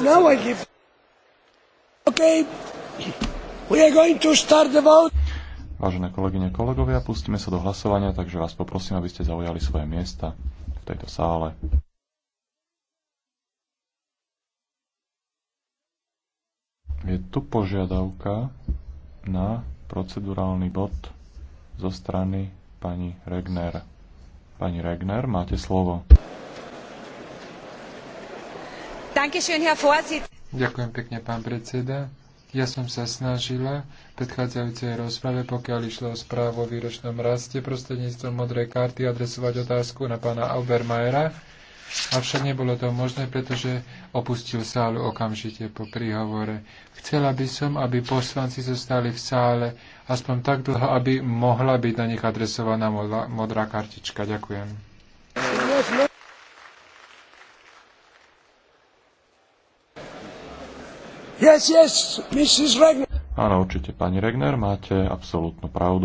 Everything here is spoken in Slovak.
Now I give. Okay. We are going to start the vote. Vážené kolegyne, kolegovia, pustíme sa do hlasovania, takže vás poprosím, aby ste zaujali svoje miesta v tejto sále. Je tu požiadavka na procedurálny bod zo strany pani Regner. Pani Regner, máte slovo. Ďakujem pekne, pán predseda. Ja som sa snažila v predchádzajúcej rozprave, pokiaľ išlo o správu o výročnom raste, prostredníctvom modrej karty adresovať otázku na pána Aubermajera, avšak nebolo to možné, pretože opustil sálu okamžite po príhovore. Chcela by som, aby poslanci zostali v sále aspoň tak dlho, aby mohla byť na nich adresovaná modrá kartička. Ďakujem. Yes, yes, Mrs. Regner. Áno, určite, pani Regner, máte absolútnu pravdu.